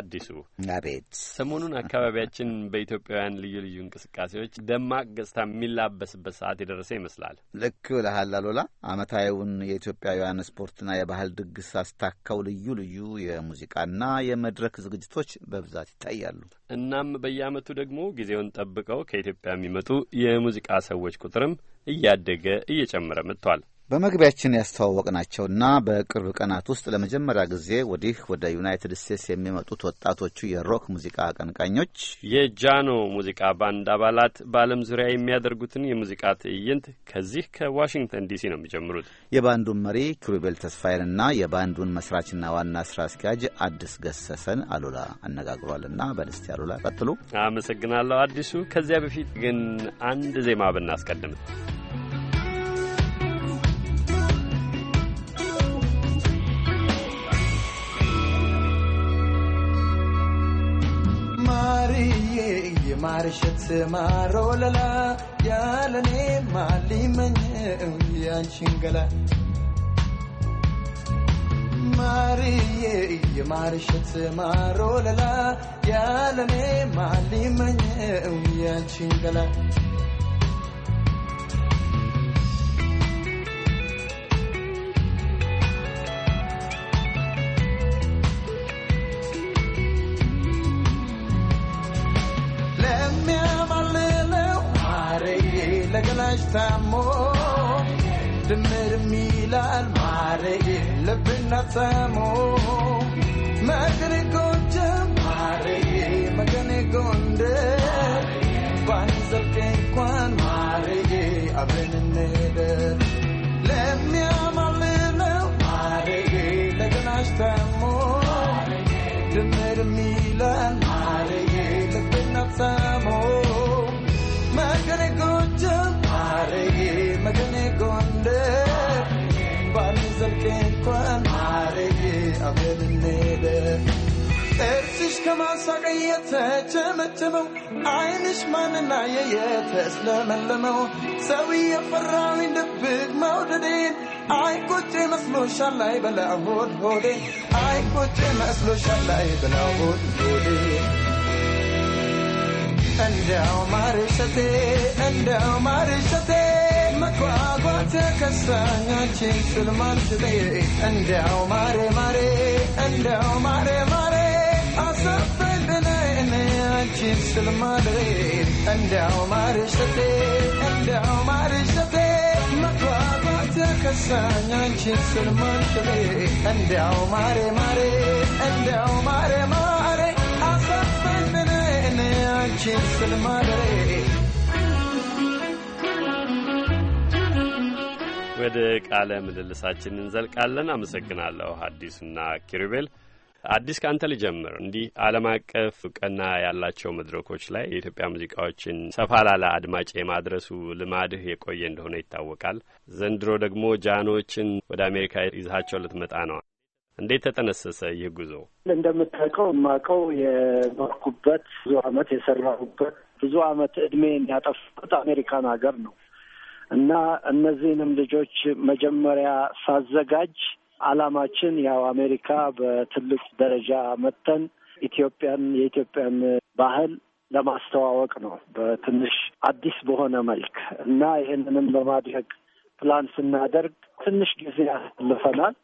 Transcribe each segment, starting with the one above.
አዲሱ አቤት ሰሞኑን አካባቢያችን በኢትዮጵያውያን ልዩ ልዩ እንቅስቃሴዎች ደማቅ ገጽታ የሚላበስበት ሰዓት የደረሰ ይመስላል። ልክ ብለሃል አሉላ። አመታዊውን የኢትዮጵያውያን ስፖርትና የባህል ድግስ አስታካው ልዩ ልዩ የሙዚቃና የመድረክ ዝግጅቶች በብዛት ይታያሉ። እናም በየአመቱ ደግሞ ጊዜውን ጠብቀው ከኢትዮጵያ የሚመጡ የሙዚቃ ሰዎች ቁጥርም እያደገ እየጨመረ መጥቷል። በመግቢያችን ያስተዋወቅናቸውና በቅርብ ቀናት ውስጥ ለመጀመሪያ ጊዜ ወዲህ ወደ ዩናይትድ ስቴትስ የሚመጡት ወጣቶቹ የሮክ ሙዚቃ አቀንቃኞች የጃኖ ሙዚቃ ባንድ አባላት በዓለም ዙሪያ የሚያደርጉትን የሙዚቃ ትዕይንት ከዚህ ከዋሽንግተን ዲሲ ነው የሚጀምሩት። የባንዱን መሪ ኪሩቤል ተስፋዬንና የባንዱን መስራችና ዋና ስራ አስኪያጅ አዲስ ገሰሰን አሉላ አነጋግሯልና በደስታ አሉላ ቀጥሉ። አመሰግናለሁ አዲሱ። ከዚያ በፊት ግን አንድ ዜማ ብናስቀድምት ማርሸት ማሮ ለላ ያለኔ ማሊመኘው ያንቺን ገላ ማርዬ የማርሸት ማሮ ያለኔ ማሊመኘው ያንቺን ገላ ተገላጭታ ድምር ሚላል ማሬ ልብና ሰሞ መግሪ ጎንጀ ማሬ መገኔ ጎንደ ባንዘልቄ እንኳን ማሬ አብረን እንሄደን ለሚያማልለው ልብና ሰሞ Marigi magni gonde Banzam kenkwan marigi abenede Ersish kamasa gayete chemechemo Einish man na yeyete slemelemo Sawi afarraw in the big mountain I could dream as no shalai bela hod hode I could dream as no shalai bela hod hode እንደው ማርሸቴ እንደው ማርሸቴ መጓጓት ከሳኝ አንቺን ስል ማርሸቴ እንደው ማሬ ማሬ እንደው ማሬ ማሬ አሰብልነይ እኔ አንቺን ስል ማድሬ እንደው ማርሸቴ እንደው ማርሸቴ መጓጓት ከሳኝ አንቺን እንደው ማሬ ማሬ እንደው ማሬ ማሬ ወደ ቃለ ምልልሳችን እንዘልቃለን። አመሰግናለሁ አዲሱና ኪሩቤል። አዲስ ከአንተ ልጀምር። እንዲህ ዓለም አቀፍ እውቅና ያላቸው መድረኮች ላይ የኢትዮጵያ ሙዚቃዎችን ሰፋ ላለ አድማጭ የማድረሱ ልማድህ የቆየ እንደሆነ ይታወቃል። ዘንድሮ ደግሞ ጃኖችን ወደ አሜሪካ ይዛቸው ልትመጣ ነው። እንዴት ተጠነሰሰ ይህ ጉዞ? እንደምታውቀው የማውቀው የኖርኩበት ብዙ አመት የሰራሁበት ብዙ አመት እድሜ ያጠፋሁት አሜሪካን ሀገር ነው እና እነዚህንም ልጆች መጀመሪያ ሳዘጋጅ አላማችን ያው አሜሪካ በትልቅ ደረጃ መጥተን ኢትዮጵያን የኢትዮጵያን ባህል ለማስተዋወቅ ነው በትንሽ አዲስ በሆነ መልክ እና ይህንንም ለማድረግ ፕላን ስናደርግ ትንሽ ጊዜ ያሳልፈናል።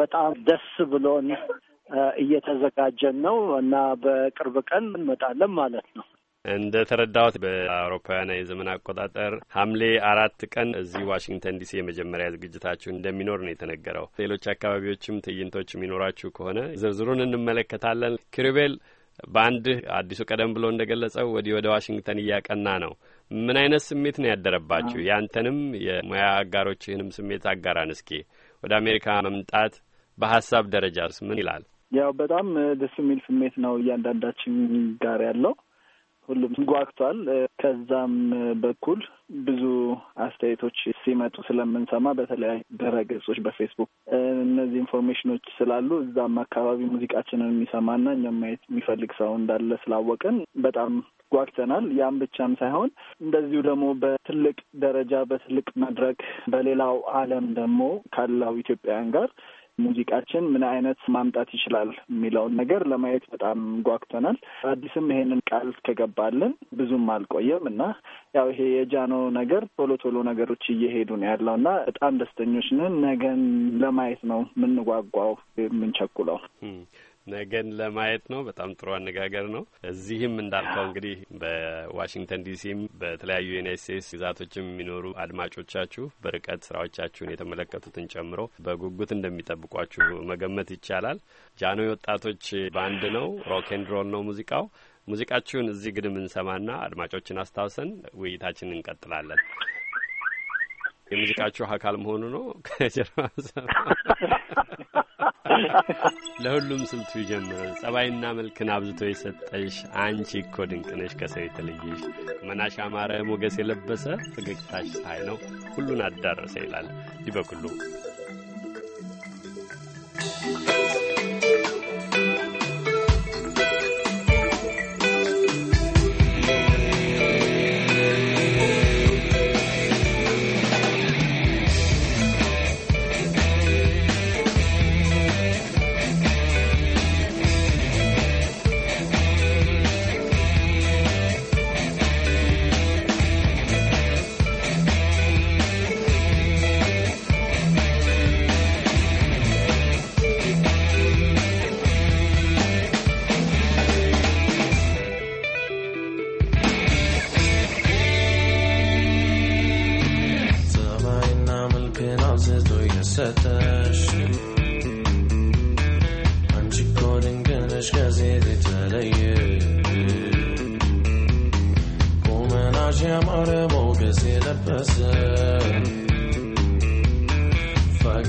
በጣም ደስ ብሎን እየተዘጋጀን ነው እና በቅርብ ቀን እንመጣለን ማለት ነው። እንደ ተረዳሁት በአውሮፓውያን የዘመን አቆጣጠር ሐምሌ አራት ቀን እዚህ ዋሽንግተን ዲሲ የመጀመሪያ ዝግጅታችሁ እንደሚኖር ነው የተነገረው። ሌሎች አካባቢዎችም ትዕይንቶች የሚኖራችሁ ከሆነ ዝርዝሩን እንመለከታለን። ክሪቤል በአንድ አዲሱ ቀደም ብሎ ገለጸው ወዲህ ወደ ዋሽንግተን እያቀና ነው። ምን አይነት ስሜት ነው ያደረባችሁ? ያንተንም የሙያ አጋሮችህንም ስሜት አጋራን እስኪ። ወደ አሜሪካ መምጣት በሀሳብ ደረጃስ ምን ይላል? ያው በጣም ደስ የሚል ስሜት ነው እያንዳንዳችን ጋር ያለው። ሁሉም ጓግቷል። ከዛም በኩል ብዙ አስተያየቶች ሲመጡ ስለምንሰማ በተለያዩ ድረ ገጾች በፌስቡክ እነዚህ ኢንፎርሜሽኖች ስላሉ እዛም አካባቢ ሙዚቃችንን የሚሰማና እኛም ማየት የሚፈልግ ሰው እንዳለ ስላወቅን በጣም ጓግተናል። ያም ብቻም ሳይሆን እንደዚሁ ደግሞ በትልቅ ደረጃ በትልቅ መድረክ በሌላው ዓለም ደግሞ ካለው ኢትዮጵያውያን ጋር ሙዚቃችን ምን አይነት ማምጣት ይችላል የሚለውን ነገር ለማየት በጣም ጓግተናል። አዲስም ይሄንን ቃል ከገባልን ብዙም አልቆየም እና ያው ይሄ የጃኖ ነገር ቶሎ ቶሎ ነገሮች እየሄዱ ነው ያለው እና በጣም ደስተኞች ነን። ነገን ለማየት ነው የምንጓጓው የምንቸኩለው። ነገን ለማየት ነው። በጣም ጥሩ አነጋገር ነው። እዚህም እንዳልከው እንግዲህ በዋሽንግተን ዲሲም በተለያዩ ዩናይት ስቴትስ ግዛቶችም የሚኖሩ አድማጮቻችሁ በርቀት ስራዎቻችሁን የተመለከቱትን ጨምሮ በጉጉት እንደሚጠብቋችሁ መገመት ይቻላል። ጃኖ ወጣቶች ባንድ ነው። ሮኬን ነው ሙዚቃው። ሙዚቃችሁን እዚህ ግድም እንሰማና አድማጮችን አስታውሰን ውይይታችንን እንቀጥላለን። የሙዚቃችሁ አካል መሆኑ ነው። ከጀርባ ለሁሉም ስልቱ ይጀምር። ጸባይና መልክን አብዝቶ የሰጠሽ አንቺ እኮ ድንቅ ነሽ፣ ከሰው የተለየሽ መናሽ አማረ ሞገስ የለበሰ ፈገግታሽ ፀሐይ ነው፣ ሁሉን አዳረሰ ይላል you.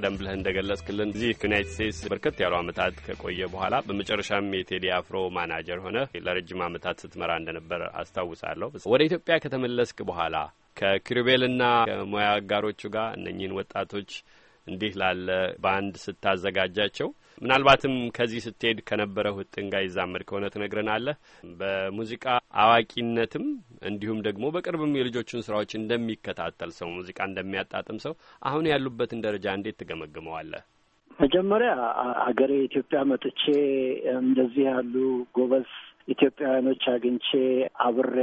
ቀደም ብለህ እንደገለጽክልን እዚህ ከዩናይትድ ስቴትስ በርከት ያሉ ዓመታት ከቆየ በኋላ በመጨረሻም የቴዲ አፍሮ ማናጀር ሆነ ለረጅም ዓመታት ስትመራ እንደነበር አስታውሳለሁ። ወደ ኢትዮጵያ ከተመለስክ በኋላ ከኪሩቤልና ከሙያ አጋሮቹ ጋር እነኚህን ወጣቶች እንዲህ ላለ በአንድ ስታዘጋጃቸው ምናልባትም ከዚህ ስትሄድ ከነበረ ውጥን ጋር ይዛመድ ከሆነ ትነግረናለህ። በሙዚቃ አዋቂነትም እንዲሁም ደግሞ በቅርብም የልጆቹን ስራዎች እንደሚከታተል ሰው፣ ሙዚቃ እንደሚያጣጥም ሰው አሁን ያሉበትን ደረጃ እንዴት ትገመግመዋለህ? መጀመሪያ አገሬ ኢትዮጵያ መጥቼ እንደዚህ ያሉ ጎበዝ ኢትዮጵያውያኖች አግኝቼ አብሬ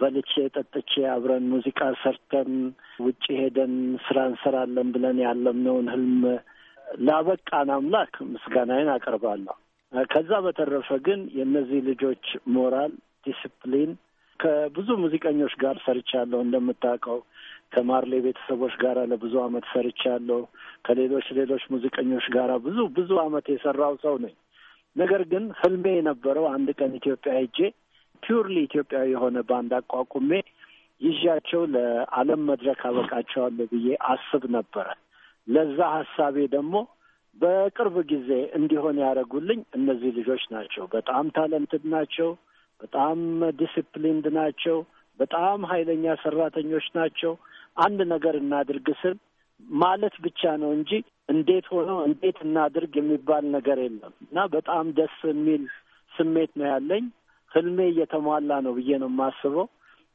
በልቼ ጠጥቼ አብረን ሙዚቃ ሰርተን ውጭ ሄደን ስራ እንሰራለን ብለን ያለምነውን ህልም ላበቃን አምላክ ምስጋናዬን አቀርባለሁ። ከዛ በተረፈ ግን የእነዚህ ልጆች ሞራል ዲስፕሊን ከብዙ ሙዚቀኞች ጋር ሰርቻለሁ። እንደምታውቀው ከማርሌ ቤተሰቦች ጋር ለብዙ አመት ሰርቻለሁ። ከሌሎች ሌሎች ሙዚቀኞች ጋር ብዙ ብዙ አመት የሰራው ሰው ነኝ። ነገር ግን ህልሜ የነበረው አንድ ቀን ኢትዮጵያ ሄጄ ፒውርሊ ኢትዮጵያዊ የሆነ ባንድ አቋቁሜ ይዣቸው ለዓለም መድረክ አበቃቸዋለሁ ብዬ አስብ ነበረ። ለዛ ሀሳቤ ደግሞ በቅርብ ጊዜ እንዲሆን ያደረጉልኝ እነዚህ ልጆች ናቸው። በጣም ታለንትድ ናቸው። በጣም ዲስፕሊንድ ናቸው። በጣም ኃይለኛ ሰራተኞች ናቸው። አንድ ነገር እናድርግ ስል ማለት ብቻ ነው እንጂ እንዴት ሆኖ እንዴት እናድርግ የሚባል ነገር የለም እና በጣም ደስ የሚል ስሜት ነው ያለኝ። ህልሜ እየተሟላ ነው ብዬ ነው የማስበው።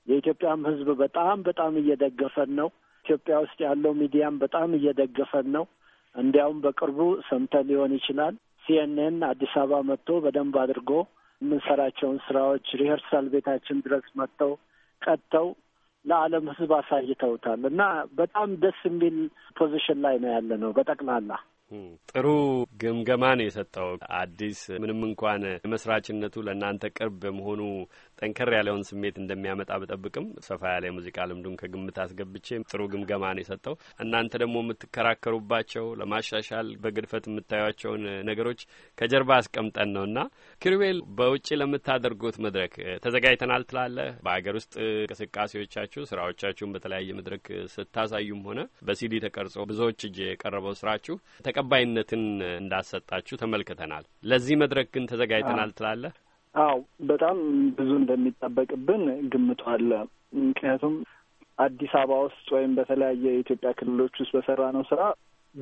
የኢትዮጵያም ህዝብ በጣም በጣም እየደገፈን ነው። ኢትዮጵያ ውስጥ ያለው ሚዲያም በጣም እየደገፈን ነው። እንዲያውም በቅርቡ ሰምተን ሊሆን ይችላል ሲኤንኤን አዲስ አበባ መጥቶ በደንብ አድርጎ የምንሰራቸውን ስራዎች ሪኸርሳል ቤታችን ድረስ መጥተው ቀጥተው ለዓለም ሕዝብ አሳይተውታል እና በጣም ደስ የሚል ፖዚሽን ላይ ነው ያለ ነው በጠቅላላ ጥሩ ግምገማ ነው የሰጠው። አዲስ ምንም እንኳን መስራችነቱ ለእናንተ ቅርብ በመሆኑ ጠንከር ያለውን ስሜት እንደሚያመጣ ብጠብቅም ሰፋ ያለ የሙዚቃ ልምዱን ከግምት አስገብቼ ጥሩ ግምገማ ነው የሰጠው። እናንተ ደግሞ የምትከራከሩባቸው ለማሻሻል በግድፈት የምታዩቸውን ነገሮች ከጀርባ አስቀምጠን ነውና ኪሩቤል፣ በውጭ ለምታደርጉት መድረክ ተዘጋጅተናል ትላለህ። በሀገር ውስጥ እንቅስቃሴዎቻችሁ ስራዎቻችሁን በተለያየ መድረክ ስታሳዩም ሆነ በሲዲ ተቀርጾ ብዙዎች እጅ የቀረበው ስራችሁ ተቀባይነትን እንዳሰጣችሁ ተመልክተናል። ለዚህ መድረክ ግን ተዘጋጅተናል ትላለህ? አዎ፣ በጣም ብዙ እንደሚጠበቅብን ግምቱ አለ። ምክንያቱም አዲስ አበባ ውስጥ ወይም በተለያየ የኢትዮጵያ ክልሎች ውስጥ በሰራ ነው ስራ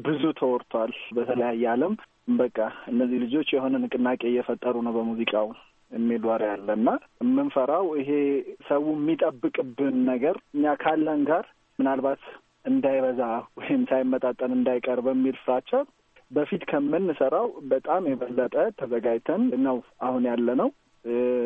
ብዙ ተወርቷል። በተለያየ ዓለም በቃ እነዚህ ልጆች የሆነ ንቅናቄ እየፈጠሩ ነው በሙዚቃው የሚል ወሬ አለ እና የምንፈራው ይሄ ሰው የሚጠብቅብን ነገር እኛ ካለን ጋር ምናልባት እንዳይበዛ ወይም ሳይመጣጠን እንዳይቀር በሚል ፍራቻ በፊት ከምንሰራው በጣም የበለጠ ተዘጋጅተን ነው አሁን ያለ ነው።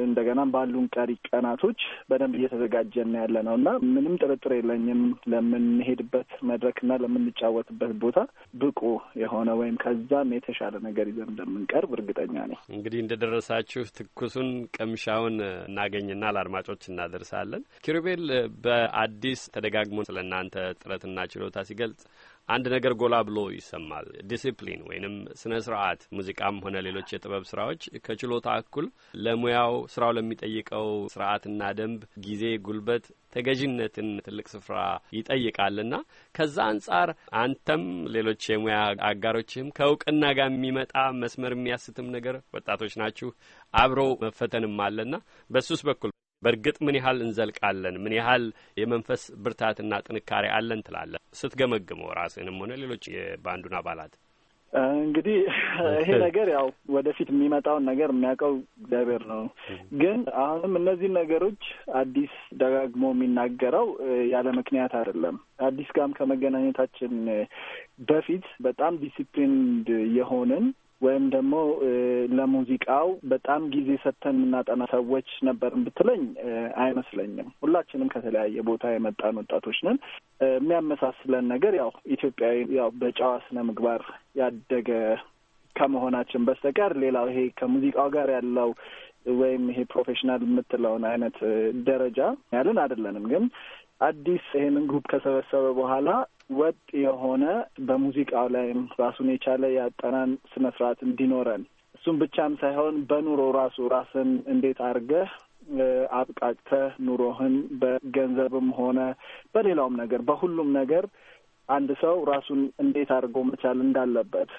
እንደገናም ባሉን ቀሪ ቀናቶች በደንብ እየተዘጋጀን ያለ ነው እና ምንም ጥርጥር የለኝም ለምንሄድበት መድረክና ለምንጫወትበት ቦታ ብቁ የሆነ ወይም ከዛም የተሻለ ነገር ይዘን እንደምንቀርብ እርግጠኛ ነኝ። እንግዲህ እንደደረሳችሁ ትኩሱን ቅምሻውን እናገኝና ለአድማጮች እናደርሳለን። ኪሩቤል በአዲስ ተደጋግሞ ስለ እናንተ ጥረትና ችሎታ ሲገልጽ አንድ ነገር ጎላ ብሎ ይሰማል። ዲሲፕሊን ወይንም ስነ ስርዓት ሙዚቃም ሆነ ሌሎች የጥበብ ስራዎች ከችሎታ እኩል ለሙያው ስራው ለሚጠይቀው ስርዓትና ደንብ ጊዜ፣ ጉልበት፣ ተገዥነትን ትልቅ ስፍራ ይጠይቃልና ከዛ አንጻር አንተም ሌሎች የሙያ አጋሮችህም ከእውቅና ጋር የሚመጣ መስመር የሚያስትም ነገር ወጣቶች ናችሁ አብሮ መፈተንም አለና በሱስ በኩል በእርግጥ ምን ያህል እንዘልቃለን፣ ምን ያህል የመንፈስ ብርታትና ጥንካሬ አለን ትላለን ስትገመግመው ራስህንም ሆነ ሌሎች የባንዱን አባላት? እንግዲህ ይሄ ነገር ያው ወደፊት የሚመጣውን ነገር የሚያውቀው እግዚአብሔር ነው። ግን አሁንም እነዚህን ነገሮች አዲስ ደጋግሞ የሚናገረው ያለ ምክንያት አይደለም። አዲስ ጋም ከመገናኘታችን በፊት በጣም ዲሲፕሊንድ የሆንን ወይም ደግሞ ለሙዚቃው በጣም ጊዜ ሰጥተን የምናጠና ሰዎች ነበርን ብትለኝ አይመስለኝም። ሁላችንም ከተለያየ ቦታ የመጣን ወጣቶች ነን። የሚያመሳስለን ነገር ያው ኢትዮጵያዊ ያው በጨዋ ስነ ምግባር ያደገ ከመሆናችን በስተቀር ሌላው ይሄ ከሙዚቃው ጋር ያለው ወይም ይሄ ፕሮፌሽናል የምትለውን አይነት ደረጃ ያለን አይደለንም ግን አዲስ ይሄንን ግሩፕ ከሰበሰበ በኋላ ወጥ የሆነ በሙዚቃው ላይም ራሱን የቻለ የአጠናን ስነ ስርዓት እንዲኖረን እሱም ብቻም ሳይሆን በኑሮ ራሱ ራስን እንዴት አድርገህ አብቃቅተህ ኑሮህን በገንዘብም ሆነ በሌላውም ነገር በሁሉም ነገር አንድ ሰው ራሱን እንዴት አድርጎ መቻል እንዳለበት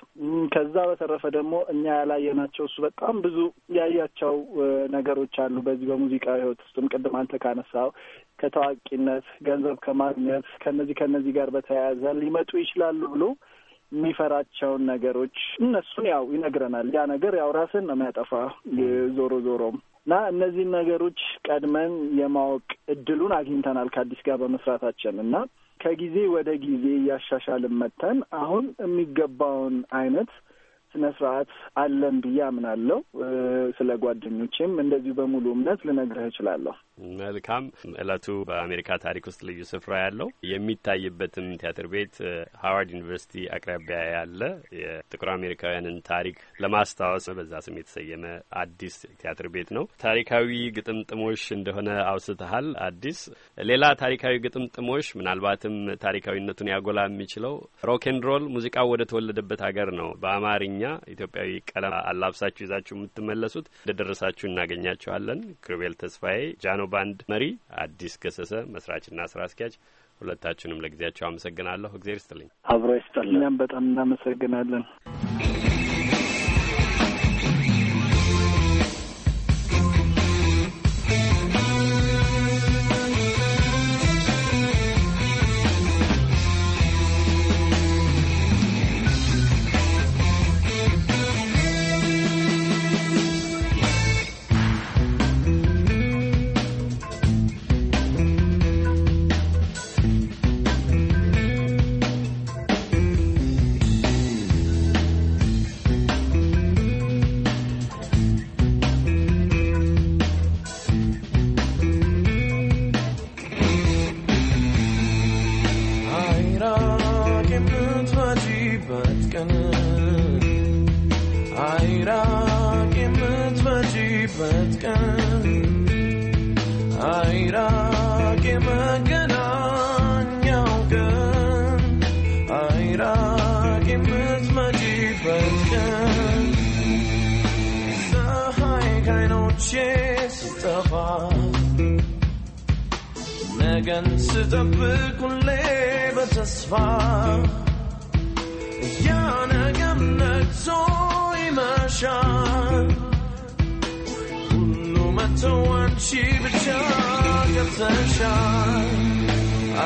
ከዛ በተረፈ ደግሞ እኛ ያላየናቸው እሱ በጣም ብዙ ያያቸው ነገሮች አሉ። በዚህ በሙዚቃ ህይወት ውስጥም ቅድም አንተ ካነሳው ከታዋቂነት ገንዘብ ከማግኘት ከነዚህ ከነዚህ ጋር በተያያዘ ሊመጡ ይችላሉ ብሎ የሚፈራቸውን ነገሮች እነሱን ያው ይነግረናል። ያ ነገር ያው ራስን ነው የሚያጠፋ ዞሮ ዞሮም እና እነዚህን ነገሮች ቀድመን የማወቅ እድሉን አግኝተናል ከአዲስ ጋር በመስራታችን እና ከጊዜ ወደ ጊዜ እያሻሻልን መጥተን አሁን የሚገባውን አይነት ስነ ስርዓት አለን ብዬ አምናለሁ። ስለ ጓደኞቼም እንደዚሁ በሙሉ እምነት ልነግርህ እችላለሁ። መልካም። እለቱ በአሜሪካ ታሪክ ውስጥ ልዩ ስፍራ ያለው የሚታይበትም ቲያትር ቤት ሃዋርድ ዩኒቨርሲቲ አቅራቢያ ያለ የጥቁር አሜሪካውያንን ታሪክ ለማስታወስ በዛ ስም የተሰየመ አዲስ ቲያትር ቤት ነው። ታሪካዊ ግጥምጥሞሽ እንደሆነ አውስተሃል። አዲስ ሌላ ታሪካዊ ግጥምጥሞሽ ምናልባትም ታሪካዊነቱን ያጎላ የሚችለው ሮል ሙዚቃው ወደ ተወለደበት ሀገር ነው በአማርኛ ኢትዮጵያዊ ቀለም አላብሳችሁ ይዛችሁ የምትመለሱት እንደደረሳችሁ እናገኛችኋለን። ክሩቤል ተስፋዬ፣ ጃኖ ባንድ መሪ፣ አዲስ ገሰሰ መስራችና ስራ አስኪያጅ ሁለታችሁንም ለጊዜያቸው አመሰግናለሁ። እግዜር ይስጥልኝ። አብሮ ይስጥልኝ። በጣም እናመሰግናለን። ቼ ስጠፋ ነገን ስጠብቅ ሁሌ በተስፋ ያ ነገም ነግሶ ይመሻል ሁሉ መተው አንቺ ብቻ ገብተሻል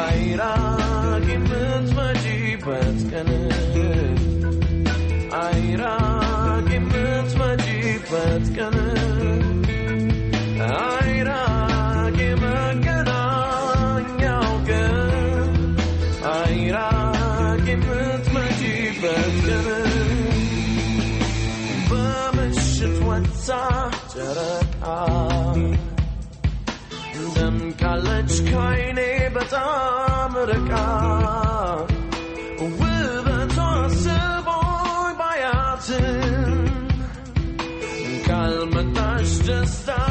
አይራቅ የምትመጪበት ቀን starten. Calme Taschen starten.